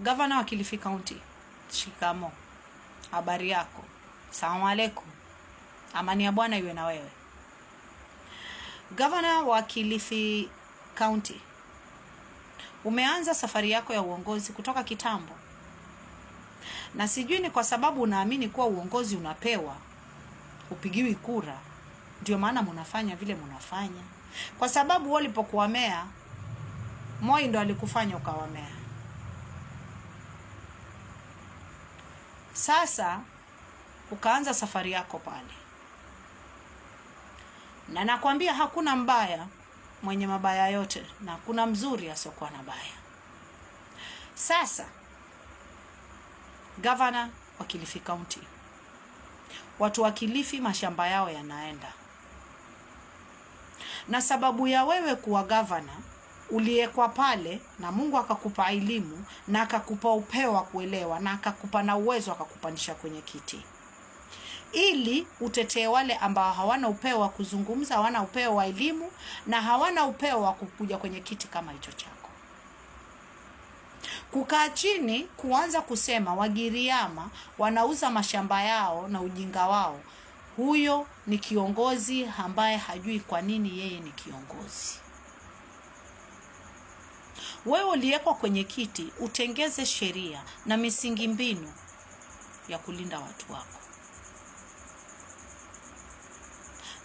Gavana wa Kilifi County, shikamo. Habari yako? Salamu aleikum Amani ya Bwana iwe na wewe. Gavana wa Kilifi County, umeanza safari yako ya uongozi kutoka kitambo, na sijui ni kwa sababu unaamini kuwa uongozi unapewa, upigiwi kura, ndio maana munafanya vile munafanya, kwa sababu walipokuwamea Moi ndo alikufanya ukawamea Sasa ukaanza safari yako pale, na nakwambia hakuna mbaya mwenye mabaya yote na kuna mzuri asiokuwa na baya. Sasa gavana wa Kilifi County, watu wa Kilifi mashamba yao yanaenda, na sababu ya wewe kuwa gavana uliekwa pale na Mungu akakupa elimu na akakupa upeo wa kuelewa na akakupa na uwezo akakupandisha kwenye kiti ili utetee wale ambao hawana upeo wa kuzungumza, hawana upeo wa elimu na hawana upeo wa kukuja kwenye kiti kama hicho chako. Kukaa chini kuanza kusema Wagiriama wanauza mashamba yao na ujinga wao, huyo ni kiongozi ambaye hajui kwa nini yeye ni kiongozi. Wewe uliwekwa kwenye kiti, utengeze sheria na misingi mbinu ya kulinda watu wako.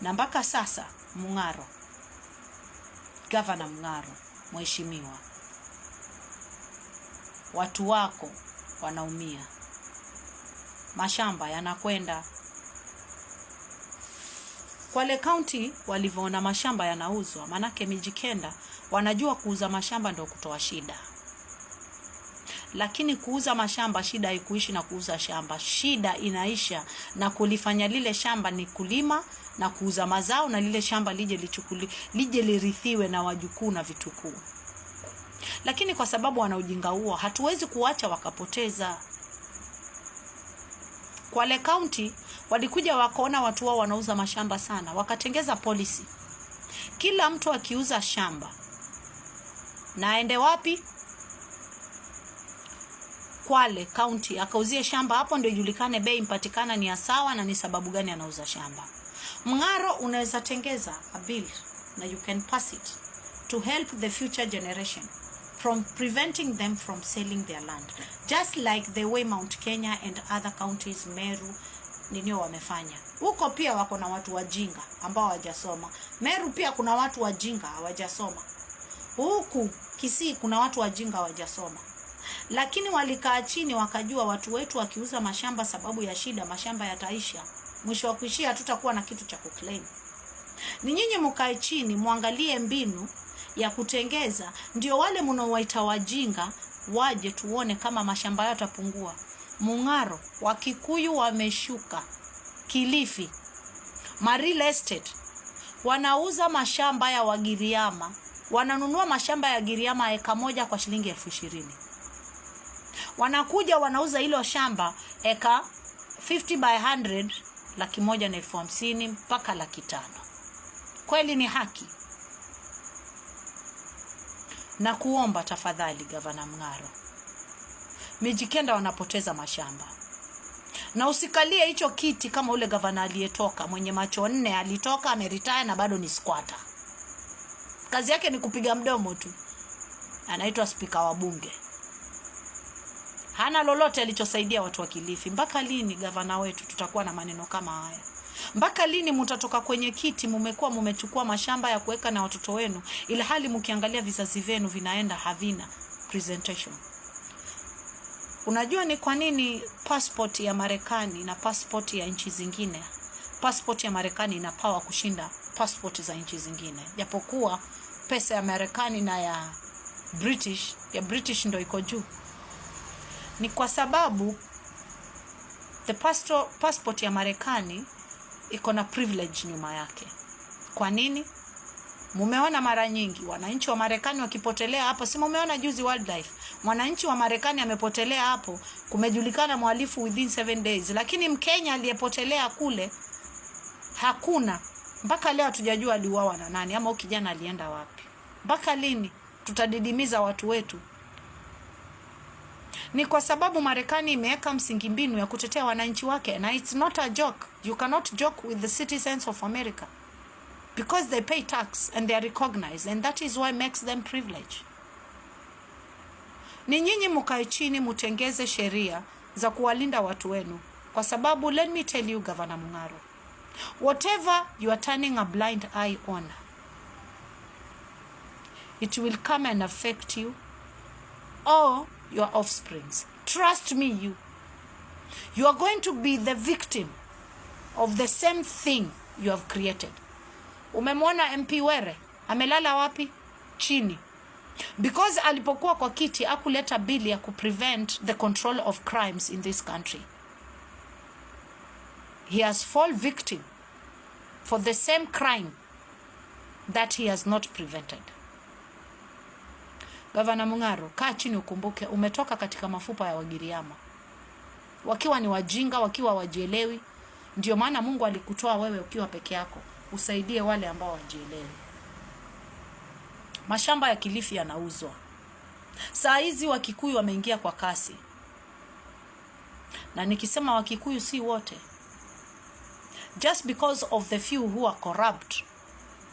Na mpaka sasa Mung'aro, gavana Mung'aro, mheshimiwa, watu wako wanaumia, mashamba yanakwenda Kwale County walivyoona mashamba yanauzwa, manake Mijikenda wanajua kuuza mashamba ndio kutoa shida, lakini kuuza mashamba shida haikuishi na kuuza shamba, shida inaisha na kulifanya lile shamba ni kulima na kuuza mazao, na lile shamba lije lichukuli, lije lirithiwe na wajukuu na vitukuu. Lakini kwa sababu wana ujinga huo, hatuwezi kuacha wakapoteza. Kwale County walikuja wakaona watu wao wanauza mashamba sana, wakatengeza polisi, kila mtu akiuza shamba na aende wapi? Kwale kaunti akauzie shamba, hapo ndio ijulikane bei impatikana ni ya sawa na ni sababu gani anauza shamba. Mng'aro unaweza tengeza a bill na you can pass it to help the future generation from preventing them from selling their land just like the way Mount Kenya and other counties Meru ninio wamefanya huko. Pia wako na watu wajinga ambao hawajasoma. Meru pia kuna watu wajinga hawajasoma. Huku Kisii kuna watu wajinga hawajasoma, lakini walikaa chini wakajua, watu wetu wakiuza mashamba sababu ya shida, mashamba yataisha. Mwisho wa kuishia, hatutakuwa na kitu cha kuclaim. Ni nyinyi mkae chini, mwangalie mbinu ya kutengeza, ndio wale mnaowaita wajinga waje tuone kama mashamba yatapungua. Mung'aro, Wakikuyu wameshuka. Kilifi, Maril Estate wanauza mashamba ya Wagiriama, wananunua mashamba ya Giriama eka moja kwa shilingi elfu ishirini. Wanakuja wanauza hilo shamba eka 50 by 100 laki moja na elfu hamsini mpaka laki tano. Kweli ni haki? Na kuomba tafadhali, Gavana Mng'aro Mijikenda wanapoteza mashamba na usikalie hicho kiti kama ule gavana aliyetoka mwenye macho nne, alitoka ameritaya na bado ni squata. Kazi yake ni kupiga mdomo tu, anaitwa spika wa bunge. Hana lolote alichosaidia watu wa Kilifi. Mpaka lini gavana wetu tutakuwa na maneno kama haya? Mpaka lini mutatoka kwenye kiti, mumekuwa mumechukua mashamba ya kuweka na watoto wenu, ilhali mukiangalia vizazi vyenu vinaenda havina presentation. Unajua ni kwa nini passport ya Marekani na passport ya nchi zingine, passport ya Marekani ina power kushinda passport za nchi zingine, japokuwa pesa ya Marekani na ya British, ya British ndo iko juu, ni kwa sababu the passport, passport ya Marekani iko na privilege nyuma yake. Kwa nini? Mumeona mara nyingi wananchi wa Marekani wakipotelea hapo, si mumeona juzi wildlife, mwananchi wa Marekani amepotelea hapo, kumejulikana mwalifu within seven days, lakini Mkenya aliyepotelea kule hakuna mpaka leo, hatujajua aliuawa na nani ama ukijana alienda wapi. Mpaka lini tutadidimiza watu wetu? Ni kwa sababu Marekani imeweka msingi mbinu ya kutetea wananchi wake, na it's not a joke, you cannot joke with the citizens of America because they pay tax and they are recognized and that is why makes them privilege. Ni nyinyi mukae chini, mutengeze sheria za kuwalinda watu wenu, kwa sababu let me tell you Governor Mung'aro, whatever you are turning a blind eye on it will come and affect you or your offsprings. Trust me, you. You are going to be the victim of the same thing you have created. Umemwona MP Were amelala wapi? Chini, because alipokuwa kwa kiti akuleta bili ya kuprevent the control of crimes in this country. He has fall victim for the same crime that he has not prevented. Gavana Mung'aro, kaa chini ukumbuke umetoka katika mafupa ya Wagiriama, wakiwa ni wajinga, wakiwa wajielewi. Ndio maana Mungu alikutoa wewe ukiwa peke yako usaidie wale ambao wajielewe. Mashamba ya Kilifi yanauzwa saa hizi. Wakikuyu wameingia kwa kasi, na nikisema Wakikuyu si wote. Just because of the few who are corrupt,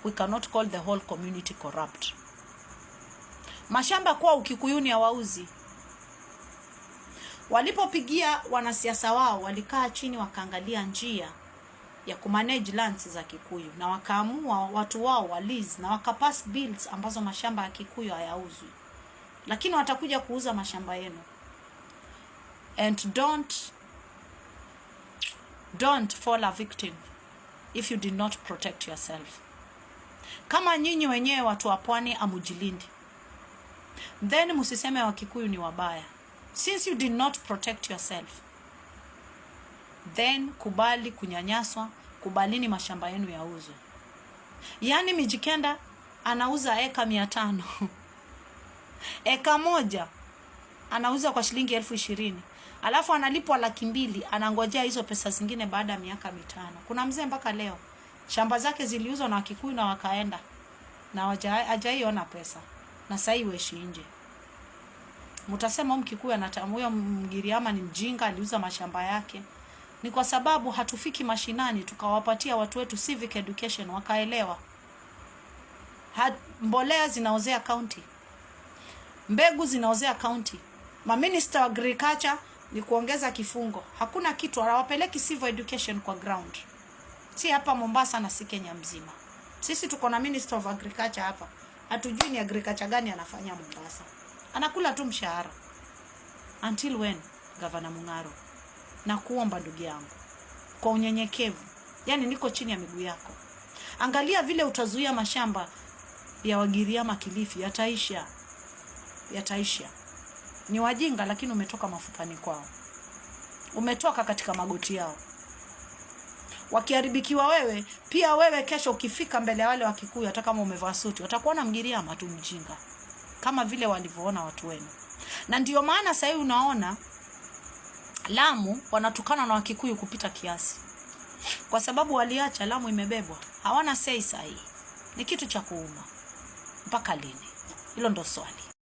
we cannot call the whole community corrupt. Mashamba kwa ukikuyuni hawauzi. Walipopigia wanasiasa wao, walikaa chini wakaangalia njia ya kumanage lands za Kikuyu na wakaamua watu wao lease na wakapass bills ambazo mashamba ya Kikuyu hayauzwi, lakini watakuja kuuza mashamba yenu. And don't don't fall a victim if you did not protect yourself. Kama nyinyi wenyewe watu wa pwani amujilindi, then musiseme kikuyu ni wabaya since you did not protect yourself then kubali kunyanyaswa, kubalini mashamba yenu yauzwe. Yaani Mijikenda anauza eka mia tano eka moja anauza kwa shilingi elfu ishirini alafu analipwa laki mbili anangojea hizo pesa zingine baada ya miaka mitano. Kuna mzee mpaka leo shamba zake ziliuzwa na Wakikuyu na wakaenda na hajaiona pesa, na sasa hii nje. Mtasema huyo Mkikuyu anatambua, huyo Mgiriama ni mjinga, aliuza mashamba yake. Ni kwa sababu hatufiki mashinani tukawapatia watu wetu civic education wakaelewa. Hat, mbolea zinaozea kaunti, mbegu zinaozea kaunti. Maminista wa agriculture ni kuongeza kifungo, hakuna kitu, hawapeleki civil education kwa ground, si hapa Mombasa na si Kenya mzima. Sisi tuko na minister of agriculture hapa, hatujui ni agriculture gani anafanya Mombasa, anakula tu mshahara. Until when, governor Mung'aro? na kuomba ndugu yangu kwa unyenyekevu, yani niko chini ya miguu yako. Angalia vile utazuia mashamba ya Wagiriama Kilifi, yataisha, yataisha. Ni wajinga, lakini umetoka mafukani kwao, umetoka katika magoti yao. Wakiharibikiwa wewe pia, wewe kesho ukifika mbele ya wale Wakikuyu, hata kama umevaa suti, watakuona Mgiriama tu mjinga, kama vile walivyoona watu wenu, na ndio maana sasa hivi unaona Lamu wanatukana na Wakikuyu kupita kiasi, kwa sababu waliacha Lamu imebebwa, hawana sei sahihi. Ni kitu cha kuuma. Mpaka lini? Hilo ndo swali.